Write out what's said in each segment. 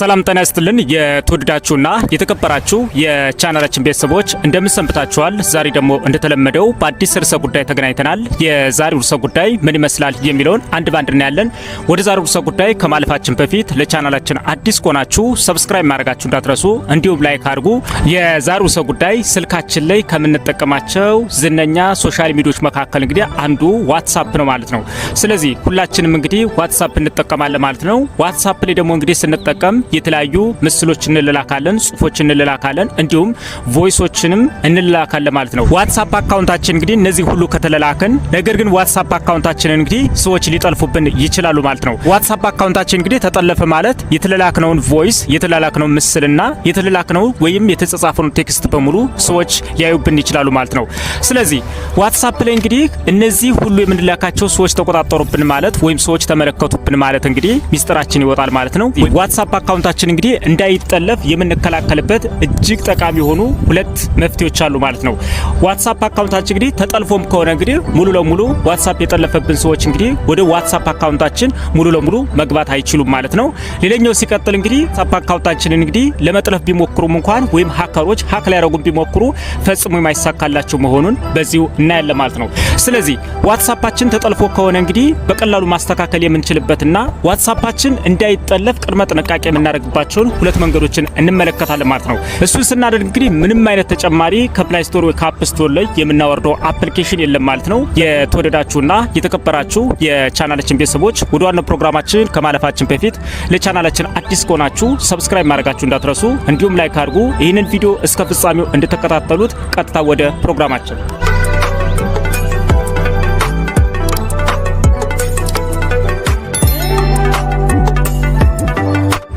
ሰላም ጤና ይስጥልን። የተወደዳችሁና የተከበራችሁ የቻናላችን ቤተሰቦች እንደምንሰንብታችኋል። ዛሬ ደግሞ እንደተለመደው በአዲስ ርዕሰ ጉዳይ ተገናኝተናል። የዛሬው ርዕሰ ጉዳይ ምን ይመስላል የሚለውን አንድ ባንድ እናያለን። ወደ ዛሬው ርዕሰ ጉዳይ ከማለፋችን በፊት ለቻናላችን አዲስ ከሆናችሁ ሰብስክራይብ ማድረጋችሁ እንዳትረሱ፣ እንዲሁም ላይክ አድርጉ። የዛሬው ርዕሰ ጉዳይ ስልካችን ላይ ከምንጠቀማቸው ዝነኛ ሶሻል ሚዲያዎች መካከል እንግዲህ አንዱ ዋትሳፕ ነው ማለት ነው። ስለዚህ ሁላችንም እንግዲህ ዋትሳፕ እንጠቀማለን ማለት ነው። ዋትሳፕ ላይ ደግሞ እንግዲህ ስንጠቀም የተለያዩ ምስሎች እንልላካለን፣ ጽሁፎች እንልላካለን፣ እንዲሁም ቮይሶችንም እንልላካለን ማለት ነው። ዋትሳፕ አካውንታችን እንግዲህ እነዚህ ሁሉ ከተለላከን፣ ነገር ግን ዋትሳፕ አካውንታችን እንግዲህ ሰዎች ሊጠልፉብን ይችላሉ ማለት ነው። ዋትሳፕ አካውንታችን እንግዲህ ተጠለፈ ማለት የተለላክነውን ቮይስ የተለላክነውን ምስልና የተለላክነው ወይም የተጻጻፈውን ቴክስት በሙሉ ሰዎች ሊያዩብን ይችላሉ ማለት ነው። ስለዚህ ዋትሳፕ ላይ እንግዲህ እነዚህ ሁሉ የምንላካቸው ሰዎች ተቆጣጠሩብን ማለት ወይም ሰዎች ተመለከቱብን ማለት እንግዲህ ሚስጥራችን ይወጣል ማለት ነው። ዋትሳፕ አካውንታችን እንግዲህ እንዳይጠለፍ የምንከላከልበት እጅግ ጠቃሚ የሆኑ ሁለት መፍትሄዎች አሉ ማለት ነው። ዋትሳፕ አካውንታችን እንግዲህ ተጠልፎም ከሆነ እንግዲህ ሙሉ ለሙሉ ዋትሳፕ የጠለፈብን ሰዎች እንግዲህ ወደ ዋትሳፕ አካውንታችን ሙሉ ለሙሉ መግባት አይችሉም ማለት ነው። ሌላኛው ሲቀጥል እንግዲህ ዋትሳፕ አካውንታችንን እንግዲህ ለመጥለፍ ቢሞክሩም እንኳን ወይም ሀከሮች ሀክ ሊያደርጉን ቢሞክሩ ፈጽሞ የማይሳካላቸው መሆኑን በዚሁ እናያለን ማለት ነው። ስለዚህ ዋትሳፓችን ተጠልፎ ከሆነ እንግዲህ በቀላሉ ማስተካከል የምንችልበትና ዋትሳፓችን እንዳይጠለፍ ቅድመ ጥንቃቄ የምናደርግባቸውን ሁለት መንገዶችን እንመለከታለን ማለት ነው። እሱን ስናደርግ እንግዲህ ምንም አይነት ተጨማሪ ከፕላይ ስቶር ወይ ከአፕ ስቶር ላይ የምናወርደው አፕሊኬሽን የለም ማለት ነው። የተወደዳችሁና የተከበራችሁ የቻናላችን ቤተሰቦች ወደ ዋናው ፕሮግራማችን ከማለፋችን በፊት ለቻናላችን አዲስ ከሆናችሁ ሰብስክራይብ ማድረጋችሁ እንዳትረሱ፣ እንዲሁም ላይክ አድርጉ። ይህንን ቪዲዮ እስከ ፍጻሜው እንደተከታተሉት ቀጥታ ወደ ፕሮግራማችን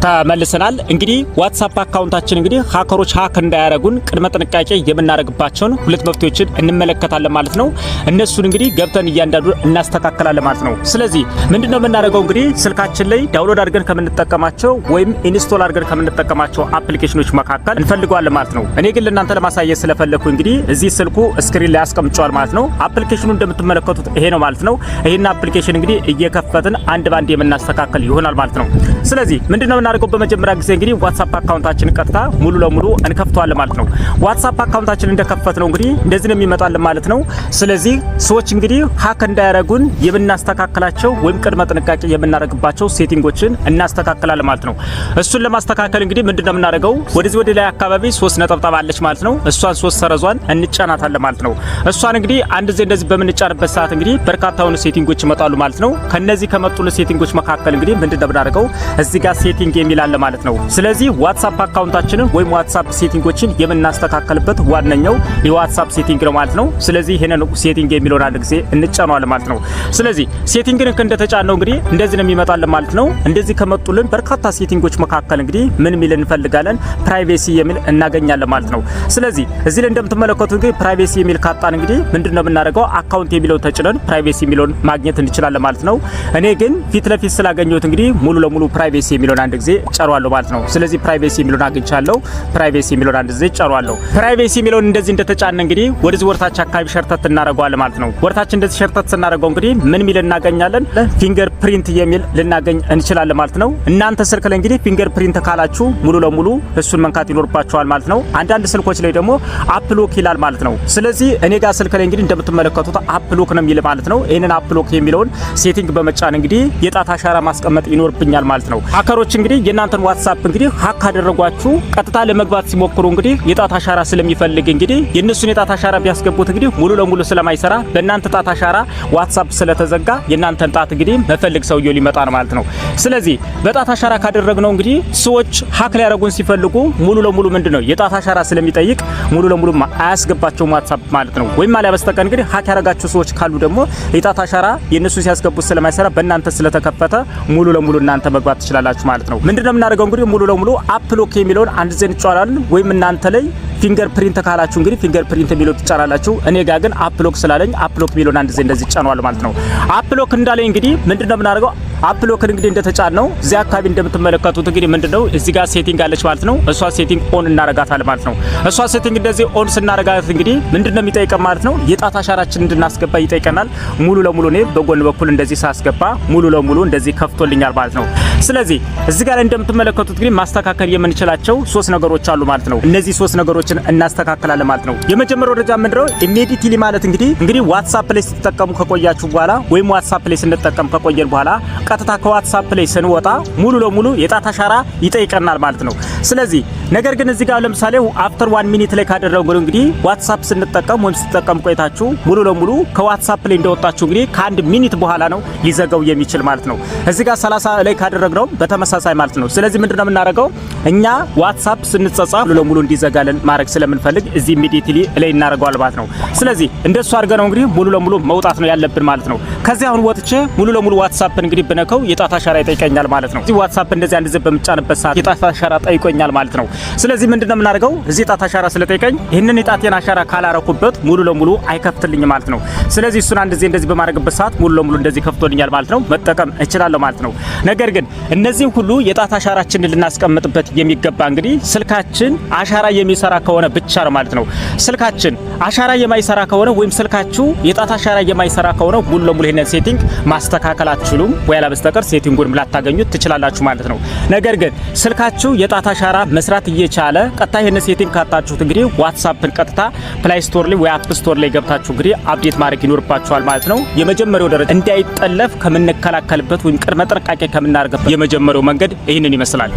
ተመልሰናል። እንግዲህ ዋትሳፕ አካውንታችን እንግዲህ ሀከሮች ሀክ እንዳያረጉን ቅድመ ጥንቃቄ የምናደርግባቸውን ሁለት መፍትሄዎችን እንመለከታለን ማለት ነው። እነሱን እንግዲህ ገብተን እያንዳንዱ እናስተካከላለን ማለት ነው። ስለዚህ ምንድነው የምናደርገው እንግዲህ ስልካችን ላይ ዳውንሎድ አድርገን ከምንጠቀማቸው ወይም ኢንስቶል አድርገን ከምንጠቀማቸው አፕሊኬሽኖች መካከል እንፈልገዋለን ማለት ነው። እኔ ግን ለእናንተ ለማሳየት ስለፈለኩ እንግዲህ እዚህ ስልኩ ስክሪን ላይ አስቀምጫዋል ማለት ነው። አፕሊኬሽኑ እንደምትመለከቱት ይሄ ነው ማለት ነው። ይህን አፕሊኬሽን እንግዲህ እየከፈትን አንድ ባንድ የምናስተካከል ይሆናል ማለት ነው። ስለዚህ ምንድነው የምናደርገው በመጀመሪያ ጊዜ እንግዲህ ዋትሳፕ አካውንታችን ቀጥታ ሙሉ ለሙሉ እንከፍተዋለን ማለት ነው። ዋትሳፕ አካውንታችን እንደከፈት ነው እንግዲህ እንደዚህ ነው የሚመጣልን ማለት ነው። ስለዚህ ሰዎች እንግዲህ ሀክ እንዳያደርጉን የምናስተካከላቸው ወይም ቅድመ ጥንቃቄ የምናደርግባቸው ሴቲንጎችን እናስተካክላለን ማለት ነው። እሱን ለማስተካከል እንግዲህ ምንድነው የምናደርገው ወደዚህ ወደ ላይ አካባቢ ሶስት ነጠብጣብ አለች ማለት ነው። እሷን ሶስት ሰረዟን እንጫናታለን ማለት ነው። እሷን እንግዲህ አንድ ጊዜ እንደዚህ በምንጫንበት ሰዓት እንግዲህ በርካታ የሆኑ ሴቲንጎች ይመጣሉ ማለት ነው። ከነዚህ ከመጡ ሴቲንጎች መካከል እንግዲህ ምንድነው የምናደርገው እዚህ ጋር ሴቲንግ የሚል አለ ማለት ነው። ስለዚህ ዋትሳፕ አካውንታችንን ወይም ዋትሳፕ ሴቲንጎችን የምናስተካከልበት ዋነኛው የዋትሳፕ ሴቲንግ ነው ማለት ነው። ስለዚህ ይሄንን ሴቲንግ የሚለውን አንድ ጊዜ እንጫነዋለን ማለት ነው። ስለዚህ ሴቲንግን እንደተጫነው እንግዲህ እንደዚህ ነው የሚመጣልን ማለት ነው። እንደዚህ ከመጡልን በርካታ ሴቲንጎች መካከል እንግዲህ ምን ሚል እንፈልጋለን ፕራይቬሲ የሚል እናገኛለን ማለት ነው። ስለዚህ እዚህ ላይ እንደምትመለከቱ እንግዲህ ፕራይቬሲ የሚል ካጣን እንግዲህ ምንድነው የምናደርገው? አካውንት የሚለውን ተጭነን ፕራይቬሲ የሚለውን ማግኘት እንችላለን ማለት ነው። እኔ ግን ፊት ለፊት ስላገኘሁት እንግዲህ ሙሉ ለሙሉ ፕራይቬሲ የሚለውን አንድ ጊዜ ጊዜ ጨሯለሁ ማለት ነው። ስለዚህ ፕራይቬሲ የሚለውን አግኝቻለሁ። ፕራይቬሲ የሚለውን አንድ ጊዜ ጨሯለሁ። ፕራይቬሲ የሚለውን እንደዚህ እንደተጫነ እንግዲህ ወደዚህ ወርታች አካባቢ ሸርተት እናደርገዋለን ማለት ነው። ወርታች እንደዚህ ሸርተት ስናደርገው እንግዲህ ምን ሚል እናገኛለን? ፊንገር ፕሪንት የሚል ልናገኝ እንችላለን ማለት ነው። እናንተ ስልክ ላይ እንግዲህ ፊንገር ፕሪንት ካላችሁ ሙሉ ለሙሉ እሱን መንካት ይኖርባችኋል ማለት ነው። አንዳንድ ስልኮች ላይ ደግሞ አፕሎክ ይላል ማለት ነው። ስለዚህ እኔ ጋር ስልክ ላይ እንግዲህ እንደምትመለከቱት አፕሎክ ነው የሚል ማለት ነው። ይህንን አፕሎክ የሚለውን ሴቲንግ በመጫን እንግዲህ የጣት አሻራ ማስቀመጥ ይኖርብኛል ማለት ነው። ሀከሮች እንግዲህ የእናንተን ዋትሳፕ እንግዲህ ሀክ ካደረጓችሁ ቀጥታ ለመግባት ሲሞክሩ እንግዲህ የጣት አሻራ ስለሚፈልግ እንግዲህ የእነሱን የጣት አሻራ ቢያስገቡት እንግዲህ ሙሉ ለሙሉ ስለማይሰራ በእናንተ ጣት አሻራ ዋትሳፕ ስለተዘጋ የእናንተን ጣት እንግዲህ መፈልግ ሰውየው ሊመጣ ነው ማለት ነው። ስለዚህ በጣት አሻራ ካደረግነው እንግዲህ ሰዎች ሀክ ሊያደረጉን ሲፈልጉ ሙሉ ለሙሉ ምንድን ነው የጣት አሻራ ስለሚጠይቅ ሙሉ ለሙሉ አያስገባቸውም ዋትሳፕ ማለት ነው። ወይም አሊያ በስተቀር እንግዲህ ሀክ ያደረጋቸው ሰዎች ካሉ ደግሞ የጣት አሻራ የእነሱን ሲያስገቡት ስለማይሰራ በእናንተ ስለተከፈተ ሙሉ ለሙሉ እናንተ መግባት ትችላላችሁ ማለት ነው። ምንድነው የምናደርገው? እንግዲህ ሙሉ ለሙሉ አፕሎክ የሚለውን አንድ ዜን እንጫናለን። ወይም እናንተ ላይ ፊንገር ፕሪንት ካላችሁ እንግዲህ ፊንገር ፕሪንት የሚለው ትጫናላችሁ። እኔ ጋር ግን አፕሎክ ስላለኝ አፕሎክ የሚለውን አንድ ዜን እንደዚህ ጫኗል ማለት ነው። አፕሎክ እንዳለኝ እንግዲህ ምንድነው የምናደርገው አፕ እንግዲህ እንደተጫን ነው እዚያ አካባቢ እንደምትመለከቱት እንግዲህ ምንድነው እዚህ ጋር ሴቲንግ አለች ማለት ነው። እሷ ሴቲንግ ኦን እናረጋታል ማለት ነው። እሷ ሴቲንግ እንደዚህ ኦን ስናረጋት እንግዲህ ምንድነው የሚጠይቀን ማለት ነው የጣት አሻራችን እንድናስገባ ይጠይቀናል። ሙሉ ለሙሉ እኔ በጎን በኩል እንደዚህ ሳስገባ ሙሉ ለሙሉ እንደዚህ ከፍቶልኛል ማለት ነው። ስለዚህ እዚህ ጋር እንደምትመለከቱት እንግዲህ ማስተካከል የምንችላቸው ሶስት ነገሮች አሉ ማለት ነው። እነዚህ ሶስት ነገሮችን እናስተካክላለን ማለት ነው። የመጀመሪያው ደረጃ ምንድነው ኢሜዲትሊ ማለት እንግዲህ እንግዲህ ዋትሳፕ ላይ ስትጠቀሙ ከቆያችሁ በኋላ ወይም ዋትሳፕ ላይ ስንጠቀም ከቆየን በኋላ ቀጥታ ከዋትሳፕ ላይ ስንወጣ ሙሉ ለሙሉ የጣት አሻራ ይጠይቀናል ማለት ነው። ስለዚህ ነገር ግን እዚህ ጋር ለምሳሌ አፍተር ዋን ሚኒት ላይ ካደረጉ እንግዲህ ዋትሳፕ ስንጠቀም ወይም ስትጠቀም ቆይታችሁ ሙሉ ለሙሉ ከዋትሳፕ ላይ እንደወጣችሁ እንግዲህ ከአንድ ሚኒት በኋላ ነው ሊዘጋው የሚችል ማለት ነው። እዚህ ጋር 30 ላይ ካደረግነው በተመሳሳይ ማለት ነው። ስለዚህ ምንድነው የምናደርገው እኛ ዋትሳፕ ስንጸጻ ሙሉ ለሙሉ እንዲዘጋልን ማድረግ ስለምንፈልግ እዚህ ኢሚዲየትሊ ላይ እናደርገዋል ማለት ነው። ስለዚህ እንደሱ ነው እንግዲህ ሙሉ ለሙሉ መውጣት ነው ያለብን ማለት ነው። ከዚህ አሁን ወጥቼ ሙሉ ለሙሉ ዋትሳፕን እንግዲህ ብነከው የጣት አሻራ ይጠይቀኛል ማለት ነው። እዚህ ዋትሳፕ እንደዚህ አንድ ዘብ በምጫንበት ሰዓት የጣት አሻራ ጠይቆኛል ማለት ነው። ስለዚህ ምንድነው የምናደርገው? እዚህ ጣት አሻራ ስለጠይቀኝ ይህንን የጣቴን አሻራ ካላረኩበት ሙሉ ለሙሉ አይከፍትልኝ ማለት ነው። ስለዚህ እሱን አንድ ጊዜ እንደዚህ በማድረግበት ሰዓት ሙሉ ለሙሉ እንደዚህ ከፍቶልኛል ማለት ነው፣ መጠቀም እችላለሁ ማለት ነው። ነገር ግን እነዚህም ሁሉ የጣት አሻራችንን ልናስቀምጥበት የሚገባ እንግዲህ ስልካችን አሻራ የሚሰራ ከሆነ ብቻ ነው ማለት ነው። ስልካችን አሻራ የማይሰራ ከሆነ ወይም ስልካችሁ የጣት አሻራ የማይሰራ ከሆነ ሙሉ ለሙሉ ይሄንን ሴቲንግ ማስተካከል አትችሉም ወይ አለበስተቀር ሴቲንጉንም ላታገኙት ትችላላችሁ ማለት ነው። ነገር ግን ስልካችሁ የጣት አሻራ መስራት እየቻለ ቀጥታ ይህን ሴቲንግ ካጣችሁት እንግዲህ ዋትስአፕን ቀጥታ ፕላይ ስቶር ላይ ወይ አፕ ስቶር ላይ ገብታችሁ እንግዲህ አፕዴት ማድረግ ይኖርባችኋል ማለት ነው። የመጀመሪያው ደረጃ እንዳይጠለፍ ከምንከላከልበት ወይም ቅድመ ጥንቃቄ ከምናደርግበት የመጀመሪያው መንገድ ይህንን ይመስላል።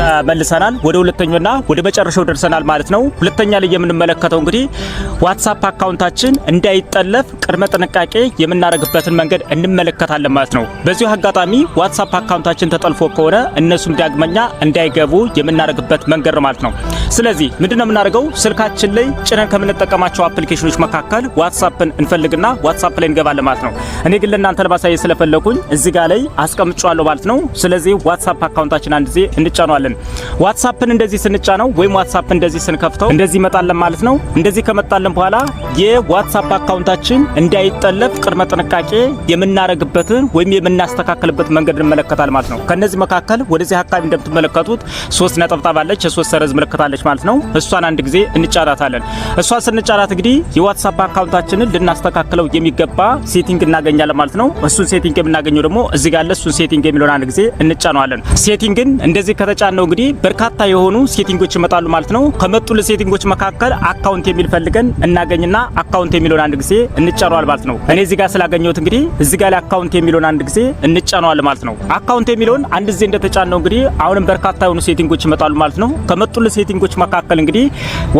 ተመልሰናል። ወደ ሁለተኛውና ወደ መጨረሻው ደርሰናል ማለት ነው። ሁለተኛ ላይ የምንመለከተው እንግዲህ ዋትሳፕ አካውንታችን እንዳይጠለፍ ቅድመ ጥንቃቄ የምናደርግበትን መንገድ እንመለከታለን ማለት ነው። በዚሁ አጋጣሚ ዋትሳፕ አካውንታችን ተጠልፎ ከሆነ እነሱም ዳግመኛ እንዳይገቡ የምናደርግበት መንገድ ማለት ነው። ስለዚህ ምንድነው የምናደርገው? ስልካችን ላይ ጭነን ከምንጠቀማቸው አፕሊኬሽኖች መካከል ዋትሳፕን እንፈልግና ዋትሳፕ ላይ እንገባለን ማለት ነው። እኔ ግን ለእናንተ ለማሳየት ስለፈለኩኝ እዚህ ጋር ላይ አስቀምጫለሁ ማለት ነው። ስለዚህ ዋትሳፕ አካውንታችን አንድ ጊዜ እንጫነዋለን። እንችላለን። ዋትሳፕን እንደዚህ ስንጫነው ወይም ዋትሳፕ እንደዚህ ስንከፍተው እንደዚህ ይመጣለን ማለት ነው። እንደዚህ ከመጣለን በኋላ የዋትሳፕ አካውንታችን እንዳይጠለፍ ቅድመ ጥንቃቄ የምናረግበትን ወይም የምናስተካከልበት መንገድ እንመለከታል ማለት ነው። ከነዚህ መካከል ወደዚህ አካባቢ እንደምትመለከቱት ሶስት ነጠብጣብ አለች፣ የሶስት ሰረዝ ምልክታለች ማለት ነው። እሷን አንድ ጊዜ እንጫናታለን። እሷን ስንጫናት እንግዲህ የዋትሳፕ አካውንታችንን ልናስተካክለው የሚገባ ሴቲንግ እናገኛለን ማለት ነው። እሱን ሴቲንግ የምናገኘው ደግሞ እዚህ ጋር እሱን ሴቲንግ የሚለውን አንድ ጊዜ እንጫነዋለን። ሴቲንግን እንደዚህ ከተጫነ ነው እንግዲህ በርካታ የሆኑ ሴቲንጎች ይመጣሉ ማለት ነው። ከመጡልን ሴቲንጎች መካከል አካውንት የሚል ፈልገን እናገኝና አካውንት የሚለውን አንድ ጊዜ እንጫኗል ማለት ነው። እኔ እዚህ ጋር ስላገኘሁት እንግዲህ እዚህ ጋር ላይ አካውንት የሚለውን አንድ ጊዜ እንጫኗል ማለት ነው። አካውንት የሚለውን አንድ ጊዜ እንደተጫነው እንግዲህ አሁንም በርካታ የሆኑ ሴቲንጎች ይመጣሉ ማለት ነው። ከመጡልን ሴቲንጎች መካከል እንግዲህ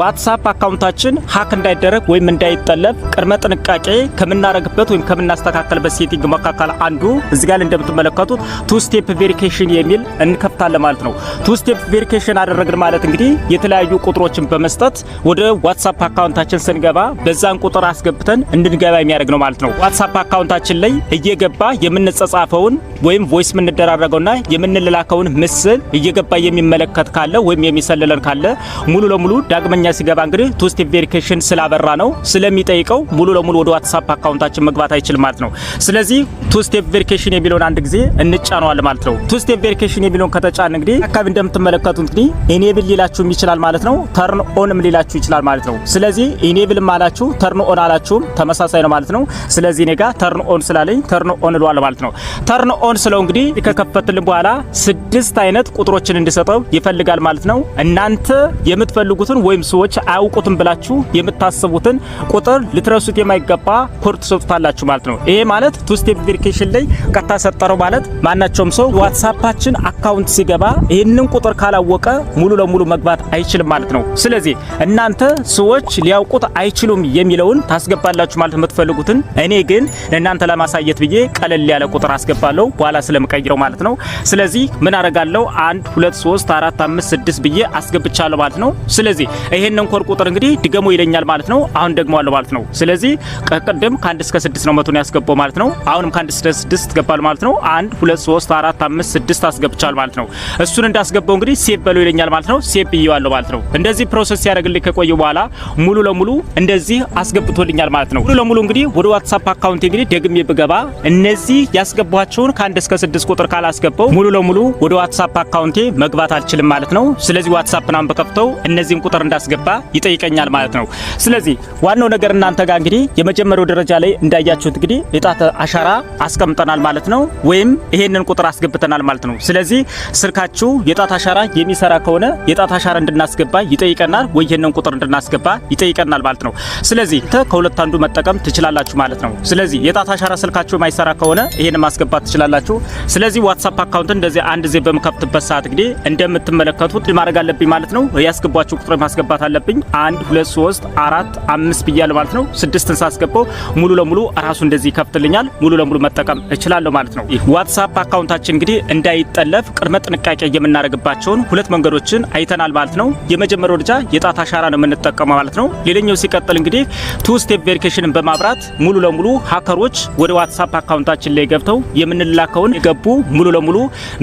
ዋትሳፕ አካውንታችን ሀክ እንዳይደረግ ወይም እንዳይጠለፍ ቅድመ ጥንቃቄ ከምናረግበት ወይም ከምናስተካከልበት ሴቲንግ መካከል አንዱ እዚህ ጋር እንደምትመለከቱት ቱ ስቴፕ ቬሪፊኬሽን የሚል እንከፍታለን ማለት ነው። ቱ ስቴፕ ቬሪፊኬሽን አደረግን ማለት እንግዲህ የተለያዩ ቁጥሮችን በመስጠት ወደ ዋትሳፕ አካውንታችን ስንገባ በዛን ቁጥር አስገብተን እንድንገባ የሚያደርግ ነው ማለት ነው። ዋትሳፕ አካውንታችን ላይ እየገባ የምንጸጻፈውን ወይም ቮይስ የምንደራረገውና የምንላከውን ምስል እየገባ የሚመለከት ካለ ወይም የሚሰልለን ካለ ሙሉ ለሙሉ ዳግመኛ ሲገባ እንግዲህ ቱ ስቴፕ ቬሪፊኬሽን ስላበራ ነው ስለሚጠይቀው ሙሉ ለሙሉ ወደ ዋትሳፕ አካውንታችን መግባት አይችልም ማለት ነው። ስለዚህ ቱ ስቴፕ ቬሪፊኬሽን የሚለውን አንድ ጊዜ እንጫነዋል ማለት ነው። ቱ ስቴፕ ቬሪፊኬሽን የሚለውን ከተጫን እንግዲህ እንደምትመለከቱት እንግዲህ ኢኔብል ሊላችሁም ይችላል ማለት ነው። ተርን ኦንም ሊላችሁ ይችላል ማለት ነው። ስለዚህ ኤኔብል አላችሁ ተርን ኦን አላችሁም ተመሳሳይ ነው ማለት ነው። ስለዚህ እኔ ጋር ተርን ኦን ስላለኝ ተርን ኦን ልዋል ማለት ነው። ተርን ኦን ስለው እንግዲህ ከከፈትልን በኋላ ስድስት አይነት ቁጥሮችን እንዲሰጠው ይፈልጋል ማለት ነው። እናንተ የምትፈልጉትን ወይም ሰዎች አያውቁትም ብላችሁ የምታስቡትን ቁጥር ልትረሱት የማይገባ ኮድ ትሰጡታላችሁ ማለት ነው። ይሄ ማለት ቱ ስቴፕ ቬሪፊኬሽን ላይ ቀጥታ ሰጠረው ማለት ማናቸውም ሰው ዋትሳፓችን አካውንት ሲገባ ይህን ይህንን ቁጥር ካላወቀ ሙሉ ለሙሉ መግባት አይችልም ማለት ነው። ስለዚህ እናንተ ሰዎች ሊያውቁት አይችሉም የሚለውን ታስገባላችሁ ማለት የምትፈልጉትን እኔ ግን ለእናንተ ለማሳየት ብዬ ቀለል ያለ ቁጥር አስገባለሁ በኋላ ስለምቀይረው ማለት ነው። ስለዚህ ምን አረጋለሁ? 1 2 3 4 5 6 ብዬ አስገብቻለሁ ማለት ነው። ስለዚህ ይሄንን ኮድ ቁጥር እንግዲህ ድገሞ ይለኛል ማለት ነው። አሁን ደግሞ አለው ማለት ነው። ስለዚህ ከ1 እስከ 6 ነው መቶን ያስገባው ማለት ነው። አሁንም ከ1 እስከ 6 ትገባል ማለት ነው። 1 2 3 4 5 6 አስገብቻለሁ ማለት ነው። እሱን እንዳስ ሳስገባው እንግዲህ ሴፕ በለው ይለኛል ማለት ነው። ሴፕ ይዋለው ማለት ነው። እንደዚህ ፕሮሰስ ሲያደርግልኝ ከቆየ በኋላ ሙሉ ለሙሉ እንደዚህ አስገብቶልኛል ማለት ነው። ሙሉ ለሙሉ እንግዲህ ወደ ዋትሳፕ አካውንት እንግዲህ ደግሜ ብገባ እነዚህ ያስገባቸውን ከአንድ እስከ ስድስት ቁጥር ካላስገባው ሙሉ ለሙሉ ወደ ዋትሳፕ አካውንቴ መግባት አልችልም ማለት ነው። ስለዚህ ዋትሳፕን በከፍተው እነዚህን ቁጥር እንዳስገባ ይጠይቀኛል ማለት ነው። ስለዚህ ዋናው ነገር እናንተ ጋር እንግዲህ የመጀመሪያው ደረጃ ላይ እንዳያችሁት እንግዲህ የጣት አሻራ አስቀምጠናል ማለት ነው፣ ወይም ይሄንን ቁጥር አስገብተናል ማለት ነው። ስለዚህ ስልካችሁ የጣት አሻራ የሚሰራ ከሆነ የጣት አሻራ እንድናስገባ ይጠይቀናል፣ ወይ ይህንን ቁጥር እንድናስገባ ይጠይቀናል ማለት ነው። ስለዚህ ከሁለት አንዱ መጠቀም ትችላላችሁ ማለት ነው። ስለዚህ የጣት አሻራ ስልካችሁ የማይሰራ ከሆነ ይህን ማስገባት ትችላላችሁ። ስለዚህ ዋትሳፕ አካውንት እንደዚህ አንድ ጊዜ በምከፍትበት ሰዓት እንግዲህ እንደምትመለከቱት ማድረግ አለብኝ ማለት ነው። ያስገቧችሁ ቁጥር ማስገባት አለብኝ። አንድ ሁለት ሶስት አራት አምስት ብያለሁ ማለት ነው። ስድስትን ሳስገባው ሙሉ ለሙሉ ራሱ እንደዚህ ይከፍትልኛል። ሙሉ ለሙሉ መጠቀም እችላለሁ ማለት ነው። ዋትሳፕ አካውንታችን እንግዲህ እንዳይጠለፍ ቅድመ ጥንቃቄ የምናደርግ የምናደርግባቸውን ሁለት መንገዶችን አይተናል ማለት ነው። የመጀመሪያው ደረጃ የጣት አሻራ ነው የምንጠቀመው ማለት ነው። ሌላኛው ሲቀጥል እንግዲህ ቱ ስቴፕ ቬሪፊኬሽንን በማብራት ሙሉ ለሙሉ ሀከሮች ወደ ዋትሳፕ አካውንታችን ላይ ገብተው የምንላከውን የገቡ ሙሉ ለሙሉ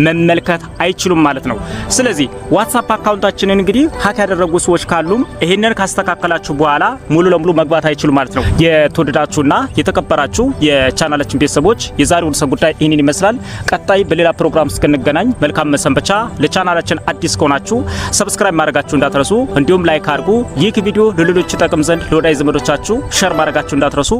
መመልከት አይችሉም ማለት ነው። ስለዚህ ዋትሳፕ አካውንታችንን እንግዲህ ሀክ ያደረጉ ሰዎች ካሉም ይህንን ካስተካከላችሁ በኋላ ሙሉ ለሙሉ መግባት አይችሉም ማለት ነው። የተወደዳችሁና የተከበራችሁ የቻናላችን ቤተሰቦች የዛሬው ርዕሰ ጉዳይ ይህንን ይመስላል። ቀጣይ በሌላ ፕሮግራም እስክንገናኝ መልካም መሰንበቻ። ቻናላችን አዲስ ከሆናችሁ ሰብስክራይብ ማድረጋችሁ እንዳትረሱ፣ እንዲሁም ላይክ አድርጉ። ይህ ቪዲዮ ለሌሎች ይጠቅም ዘንድ ለወዳጅ ዘመዶቻችሁ ሸር ማድረጋችሁ እንዳትረሱ።